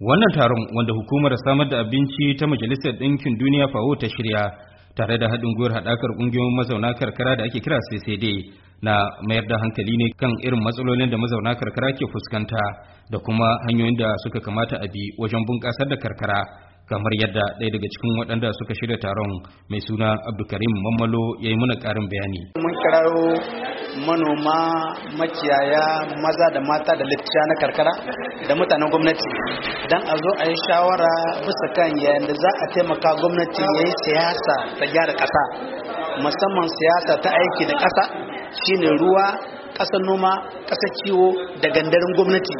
Wannan taron wanda hukumar samar da abinci ta Majalisar Ɗinkin Duniya FAO ta shirya tare da haɗin gwiwar haɗakar ƙungiyoyin mazauna karkara da ake kira CCD na mayar da hankali ne kan irin matsalolin da mazauna karkara ke fuskanta da kuma hanyoyin da suka kamata a bi wajen bunƙasar da karkara kamar yadda ɗaya daga cikin waɗanda suka shirya taron mai suna Abdulkarim Mammalo ya yi mana ƙarin bayani. Mun manoma makiyaya maza da mata da littiya na karkara da mutanen gwamnati don a zo a yi shawara bisa kan yayin za a taimaka gwamnati ya yi siyasa ta gyara ƙasa musamman siyasa ta aiki da ƙasa shine ruwa kasar noma kasar kiwo da gandarin gwamnati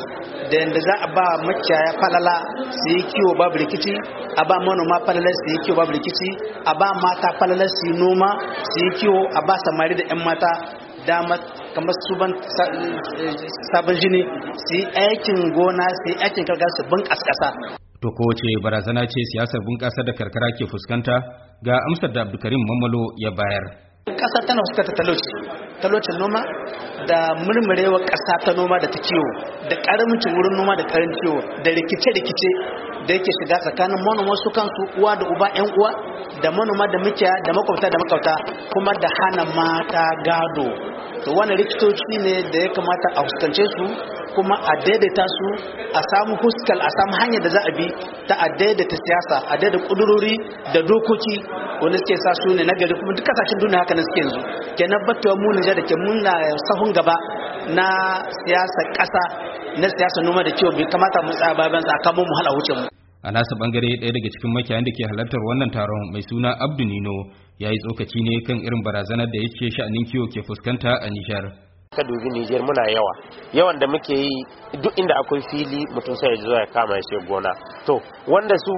da yadda za a ba makiyaya falala su yi kiwo babu rikici a ba manoma falala su yi kiwo babu rikici a ba mata falala su yi noma su yi kiwo a ba samari da 'yan mata dama kamar su ban sabon jini su yi aikin gona su yi aikin karkara su bunƙasa ƙasa. To kowace barazana ce siyasar bunƙasa da karkara ke fuskanta ga amsar da Abdulkarim Mamalo ya bayar. Ƙasa tana fuskanta talauci talocin noma da murmurewa ƙasa ta noma da ta kiwo da ƙaramcin wurin noma da ƙarin kiwo da rikice-rikice da yake shiga tsakanin manoma su kansu uwa da uba 'yan uwa da manoma da mikiya da makwabta da makwabta kuma da hana mata gado to wannan rikitoci ne da ya kamata a fuskance su kuma a daidaita su a samu huskal a samu hanyar da za a bi ta a daidaita siyasa a daidaita kudurori da dokoki wanda suke sa su ne nagari kuma duka kasashen duniya haka na suke yanzu kenan battuwa mu Nijar da ke muna sahun gaba na siyasa kasa na siyasa noma da kiwo bai kamata mu tsaya bayan tsakamun mu hala wuce mu a nasa bangare daya daga cikin makiyayan da ke halartar wannan taron mai suna abdu nino ya yi tsokaci ne kan irin barazanar da ya ce sha'anin kiwo ke fuskanta a nijar ka dubi Nijar muna yawa yawan da muke yi duk inda akwai fili mutum sai ya zo ya kama ya gona to wanda su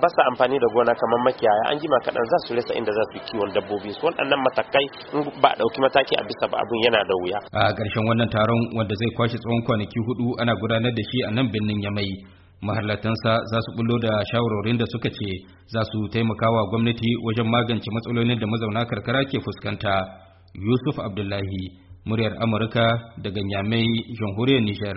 ba su amfani da gona kamar makiyaya an jima kaɗan za su rasa inda za su kiwon dabbobi su waɗannan matakai in ba a ɗauki mataki a bisa ba abun yana da wuya a ƙarshen wannan taron wanda zai kwashe tsawon kwanaki hudu ana gudanar da shi a nan birnin Yamai mahallatansa za su bullo da shawarorin da suka ce za su taimaka wa gwamnati wajen magance matsalolin da mazauna karkara ke fuskanta Yusuf Abdullahi muryar Amurka daga Nyamai, jamhuriyar Nijar.